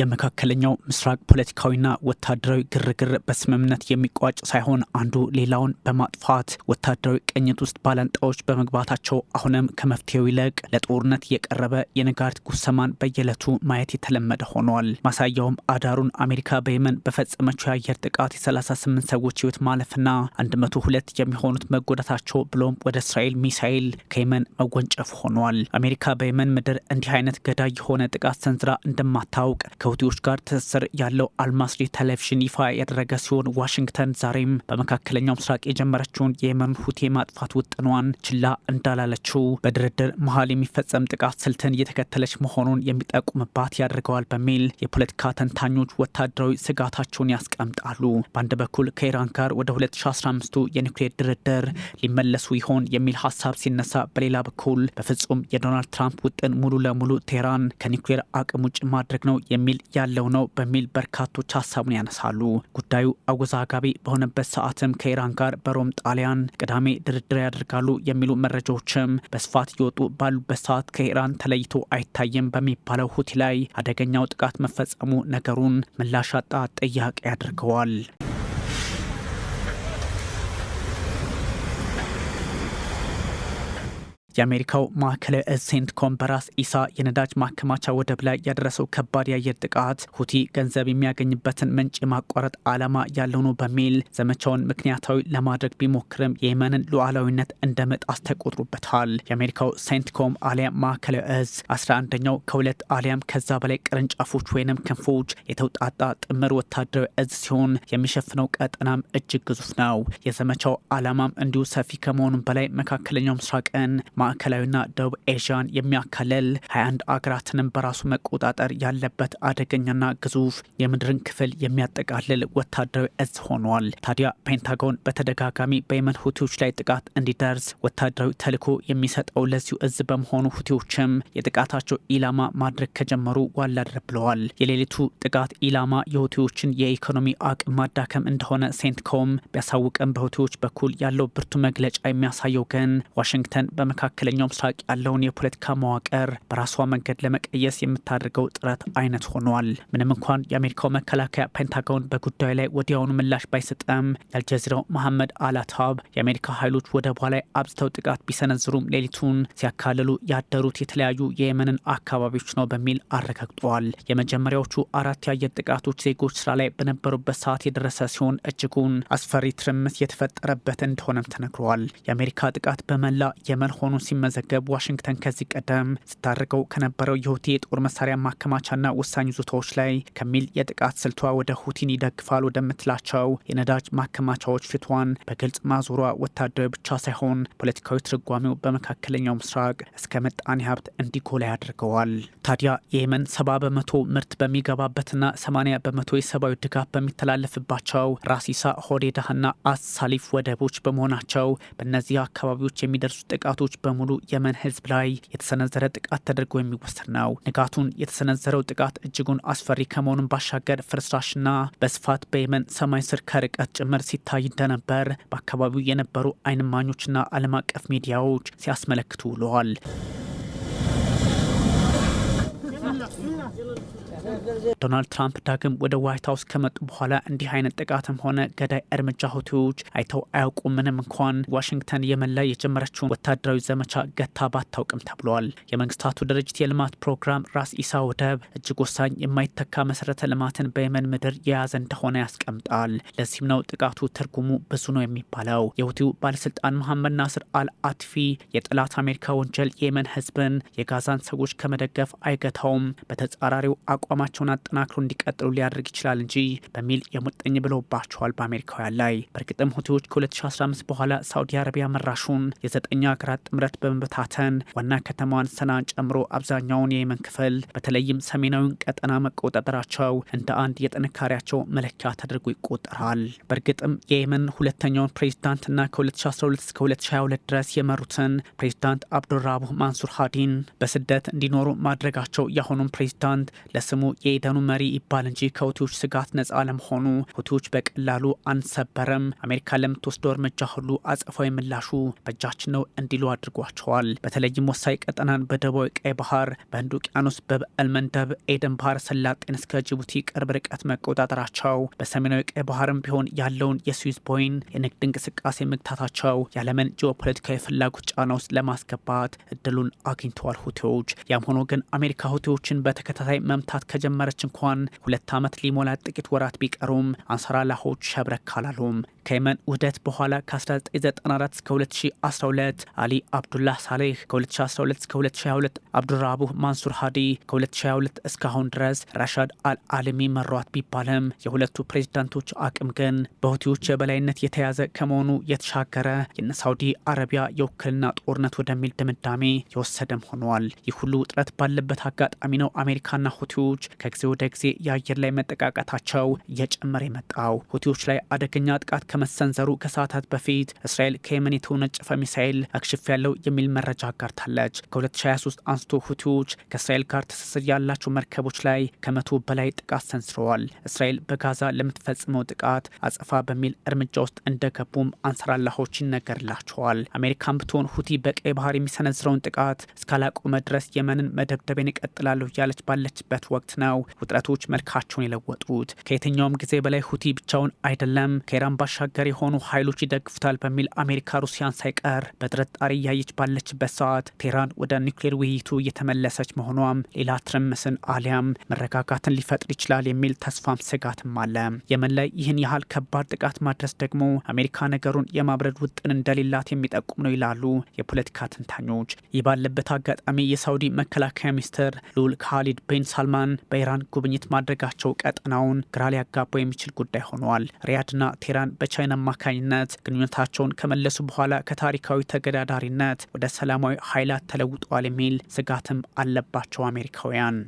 የመካከለኛው ምስራቅ ፖለቲካዊና ወታደራዊ ግርግር በስምምነት የሚቋጭ ሳይሆን አንዱ ሌላውን በማጥፋት ወታደራዊ ቅኝት ውስጥ ባላንጣዎች በመግባታቸው አሁንም ከመፍትሄው ይልቅ ለጦርነት የቀረበ የነጋሪት ጉሰማን በየዕለቱ ማየት የተለመደ ሆኗል። ማሳያውም አዳሩን አሜሪካ በየመን በፈጸመችው የአየር ጥቃት የ38 ሰዎች ህይወት ማለፍና 102 የሚሆኑት መጎዳታቸው ብሎም ወደ እስራኤል ሚሳኤል ከየመን መጎንጨፍ ሆኗል። አሜሪካ በየመን ምድር እንዲህ አይነት ገዳይ የሆነ ጥቃት ሰንዝራ እንደማታውቅ ከሁቲዎች ጋር ትስስር ያለው አልማስሪ ቴሌቪዥን ይፋ ያደረገ ሲሆን ዋሽንግተን ዛሬም በመካከለኛው ምስራቅ የጀመረችውን የየመን ሁቴ ማጥፋት ውጥኗን ችላ እንዳላለችው በድርድር መሀል የሚፈጸም ጥቃት ስልትን እየተከተለች መሆኑን የሚጠቁምባት ያደርገዋል በሚል የፖለቲካ ተንታኞች ወታደራዊ ስጋታቸውን ያስቀምጣሉ። በአንድ በኩል ከኢራን ጋር ወደ 2015ቱ የኒውክሌር ድርድር ሊመለሱ ይሆን የሚል ሀሳብ ሲነሳ፣ በሌላ በኩል በፍጹም የዶናልድ ትራምፕ ውጥን ሙሉ ለሙሉ ቴህራን ከኒውክሌር አቅም ውጭ ማድረግ ነው የሚል በሚል ያለው ነው በሚል በርካቶች ሀሳቡን ያነሳሉ። ጉዳዩ አወዛጋቢ በሆነበት ሰዓትም ከኢራን ጋር በሮም ጣሊያን ቅዳሜ ድርድር ያደርጋሉ የሚሉ መረጃዎችም በስፋት እየወጡ ባሉበት ሰዓት ከኢራን ተለይቶ አይታይም በሚባለው ሁቲ ላይ አደገኛው ጥቃት መፈጸሙ ነገሩን ምላሽ አጣ ጥያቄ ያደርገዋል። የአሜሪካው ማዕከለ ሴንት ኮም በራስ ኢሳ የነዳጅ ማከማቻ ወደብ ላይ ያደረሰው ከባድ የአየር ጥቃት ሁቲ ገንዘብ የሚያገኝበትን ምንጭ የማቋረጥ ዓላማ ያለው ነው በሚል ዘመቻውን ምክንያታዊ ለማድረግ ቢሞክርም የየመንን ሉዓላዊነት እንደ መጣስ ተቆጥሮበታል። የአሜሪካው ሴንት ኮም አሊያም ማዕከለ እዝ 11ኛው ከሁለት አሊያም ከዛ በላይ ቅርንጫፎች ወይንም ክንፎች የተውጣጣ ጥምር ወታደራዊ እዝ ሲሆን የሚሸፍነው ቀጠናም እጅግ ግዙፍ ነው። የዘመቻው ዓላማም እንዲሁ ሰፊ ከመሆኑም በላይ መካከለኛው ምስራቅን ማዕከላዊና ደቡብ ኤዥያን የሚያካልል 21 አገራትንም በራሱ መቆጣጠር ያለበት አደገኛና ግዙፍ የምድርን ክፍል የሚያጠቃልል ወታደራዊ እዝ ሆኗል። ታዲያ ፔንታጎን በተደጋጋሚ በየመን ሁቲዎች ላይ ጥቃት እንዲደርስ ወታደራዊ ተልዕኮ የሚሰጠው ለዚሁ እዝ በመሆኑ ሁቲዎችም የጥቃታቸው ኢላማ ማድረግ ከጀመሩ ዋላደር ብለዋል። የሌሊቱ ጥቃት ኢላማ የሁቲዎችን የኢኮኖሚ አቅም ማዳከም እንደሆነ ሴንትኮም ቢያሳውቅም በሁቲዎች በኩል ያለው ብርቱ መግለጫ የሚያሳየው ግን ዋሽንግተን በመካከል በመካከለኛው ምስራቅ ያለውን የፖለቲካ መዋቅር በራሷ መንገድ ለመቀየስ የምታደርገው ጥረት አይነት ሆኗል። ምንም እንኳን የአሜሪካው መከላከያ ፔንታጎን በጉዳዩ ላይ ወዲያውኑ ምላሽ ባይሰጠም የአልጀዚራው መሐመድ አላታብ የአሜሪካ ኃይሎች ወደቧ ላይ አብዝተው ጥቃት ቢሰነዝሩም ሌሊቱን ሲያካልሉ ያደሩት የተለያዩ የየመንን አካባቢዎች ነው በሚል አረጋግጠዋል። የመጀመሪያዎቹ አራት የአየር ጥቃቶች ዜጎች ስራ ላይ በነበሩበት ሰዓት የደረሰ ሲሆን እጅጉን አስፈሪ ትርምስ የተፈጠረበት እንደሆነም ተነግረዋል። የአሜሪካ ጥቃት በመላ የመን ሆኑ ሲመዘገብ ዋሽንግተን ከዚህ ቀደም ስታደርገው ከነበረው የሁቲ የጦር መሳሪያ ማከማቻና ወሳኝ ይዞታዎች ላይ ከሚል የጥቃት ስልቷ ወደ ሁቲን ይደግፋል ወደምትላቸው የነዳጅ ማከማቻዎች ፊቷን በግልጽ ማዞሯ ወታደራዊ ብቻ ሳይሆን ፖለቲካዊ ትርጓሜው በመካከለኛው ምስራቅ እስከ ምጣኔ ሀብት እንዲጎላ ያደርገዋል። ታዲያ የየመን ሰባ በመቶ ምርት በሚገባበትና ሰማኒያ በመቶ የሰብአዊ ድጋፍ በሚተላለፍባቸው ራሲሳ ሆዴዳህና አሳሊፍ ወደቦች በመሆናቸው በእነዚህ አካባቢዎች የሚደርሱ ጥቃቶች በ በሙሉ የመን ህዝብ ላይ የተሰነዘረ ጥቃት ተደርጎ የሚወሰድ ነው። ንጋቱን የተሰነዘረው ጥቃት እጅጉን አስፈሪ ከመሆኑን ባሻገር ፍርስራሽና በስፋት በየመን ሰማይ ስር ከርቀት ጭምር ሲታይ እንደነበር በአካባቢው የነበሩ አይንማኞችና ዓለም አቀፍ ሚዲያዎች ሲያስመለክቱ ውለዋል። ዶናልድ ትራምፕ ዳግም ወደ ዋይት ሀውስ ከመጡ በኋላ እንዲህ አይነት ጥቃትም ሆነ ገዳይ እርምጃ ሁቲዎች አይተው አያውቁም። ምንም እንኳን ዋሽንግተን የመን ላይ የጀመረችውን ወታደራዊ ዘመቻ ገታ ባታውቅም ተብሏል። የመንግስታቱ ድርጅት የልማት ፕሮግራም ራስ ኢሳ ወደብ እጅግ ወሳኝ የማይተካ መሰረተ ልማትን በየመን ምድር የያዘ እንደሆነ ያስቀምጣል። ለዚህም ነው ጥቃቱ ትርጉሙ ብዙ ነው የሚባለው። የሁቲው ባለስልጣን መሐመድ ናስር አል አትፊ የጠላት አሜሪካ ወንጀል የየመን ህዝብን የጋዛን ሰዎች ከመደገፍ አይገታውም በተጻራሪው አቋማቸውን አጠናክሮ እንዲቀጥሉ ሊያደርግ ይችላል እንጂ በሚል የሙጥኝ ብለውባቸዋል በአሜሪካውያን ላይ። በእርግጥም ሁቲዎች ከ2015 በኋላ ሳዑዲ አረቢያ መራሹን የዘጠኝ ሀገራት ጥምረት በመበታተን ዋና ከተማዋን ሰናን ጨምሮ አብዛኛውን የየመን ክፍል በተለይም ሰሜናዊውን ቀጠና መቆጣጠራቸው እንደ አንድ የጥንካሬያቸው መለኪያ ተደርጎ ይቆጠራል። በእርግጥም የየመን ሁለተኛውን ፕሬዚዳንትና ከ2012 እስከ 2022 ድረስ የመሩትን ፕሬዚዳንት አብዱራቡ ማንሱር ሀዲን በስደት እንዲኖሩ ማድረጋቸው ያሆኑ የሱዳኑን ፕሬዚዳንት ለስሙ የኢደኑ መሪ ይባል እንጂ ከሁቲዎች ስጋት ነጻ ለመሆኑ ሁቲዎች በቀላሉ አንሰበረም አሜሪካ ለምትወስደው እርምጃ ሁሉ አጸፋዊ ምላሹ በእጃችን ነው እንዲሉ አድርጓቸዋል። በተለይም ወሳኝ ቀጠናን በደቡባዊ ቀይ ባህር፣ በህንድ ውቅያኖስ፣ በበዕል መንደብ፣ ኤደን ባህር ሰላጤን እስከ ጅቡቲ ቅርብ ርቀት መቆጣጠራቸው፣ በሰሜናዊ ቀይ ባህርም ቢሆን ያለውን የስዊዝ ቦይን የንግድ እንቅስቃሴ መግታታቸው የዓለምን ጂኦፖለቲካዊ ፍላጎት ጫና ውስጥ ለማስገባት እድሉን አግኝተዋል ሁቲዎች። ያም ሆኖ ግን አሜሪካ ሁቲዎች ቡድኖችን በተከታታይ መምታት ከጀመረች እንኳን ሁለት ዓመት ሊሞላ ጥቂት ወራት ቢቀሩም አንሰራላሆች ሸብረክ አላሉም። ከየመን ውህደት በኋላ ከ1994 እስከ 2012 አሊ አብዱላህ ሳሌህ፣ ከ2012 እስከ 2022 አብዱራቡህ ማንሱር ሃዲ፣ ከ2022 እስካሁን ድረስ ራሻድ አልአልሚ መሯት ቢባልም የሁለቱ ፕሬዚዳንቶች አቅም ግን በሁቲዎች የበላይነት የተያዘ ከመሆኑ የተሻገረ የነሳውዲ አረቢያ የውክልና ጦርነት ወደሚል ድምዳሜ የወሰደም ሆኗል። ይህ ሁሉ ውጥረት ባለበት አጋጣሚ ነው አሜሪካና ሁቲዎች ከጊዜ ወደ ጊዜ የአየር ላይ መጠቃቀታቸው እየጨመረ የመጣው። ሁቲዎች ላይ አደገኛ ጥቃት ከመሰንዘሩ ከሰዓታት በፊት እስራኤል ከየመን የተወነጨፈ ሚሳኤል አክሽፍ ያለው የሚል መረጃ አጋርታለች። ከ2023 አንስቶ ሁቲዎች ከእስራኤል ጋር ትስስር ያላቸው መርከቦች ላይ ከመቶ በላይ ጥቃት ሰንዝረዋል። እስራኤል በጋዛ ለምትፈጽመው ጥቃት አጸፋ በሚል እርምጃ ውስጥ እንደገቡም አንሰራላሆች ይነገርላቸዋል። አሜሪካን ብትሆን ሁቲ በቀይ ባህር የሚሰነዝረውን ጥቃት እስካላቆመ ድረስ የመንን መደብደቤን እቀጥላለሁ እያለች ባለችበት ወቅት ነው ውጥረቶች መልካቸውን የለወጡት። ከየትኛውም ጊዜ በላይ ሁቲ ብቻውን አይደለም ከኢራን ባሻ ባሻገር የሆኑ ኃይሎች ይደግፉታል በሚል አሜሪካ ሩሲያን ሳይቀር በጥርጣሬ እያየች ባለችበት ሰዓት ቴህራን ወደ ኒውክሌር ውይይቱ እየተመለሰች መሆኗም ሌላ ትርምስን አሊያም መረጋጋትን ሊፈጥር ይችላል የሚል ተስፋም ስጋትም አለ። የመን ላይ ይህን ያህል ከባድ ጥቃት ማድረስ ደግሞ አሜሪካ ነገሩን የማብረድ ውጥን እንደሌላት የሚጠቁም ነው ይላሉ የፖለቲካ ተንታኞች። ይህ ባለበት አጋጣሚ የሳውዲ መከላከያ ሚኒስትር ልዑል ካሊድ ቤን ሳልማን በኢራን ጉብኝት ማድረጋቸው ቀጠናውን ግራ ሊያጋባው የሚችል ጉዳይ ሆኗል። ሪያድና ቴህራን በቻይና አማካኝነት ግንኙነታቸውን ከመለሱ በኋላ ከታሪካዊ ተገዳዳሪነት ወደ ሰላማዊ ኃይላት ተለውጠዋል የሚል ስጋትም አለባቸው አሜሪካውያን።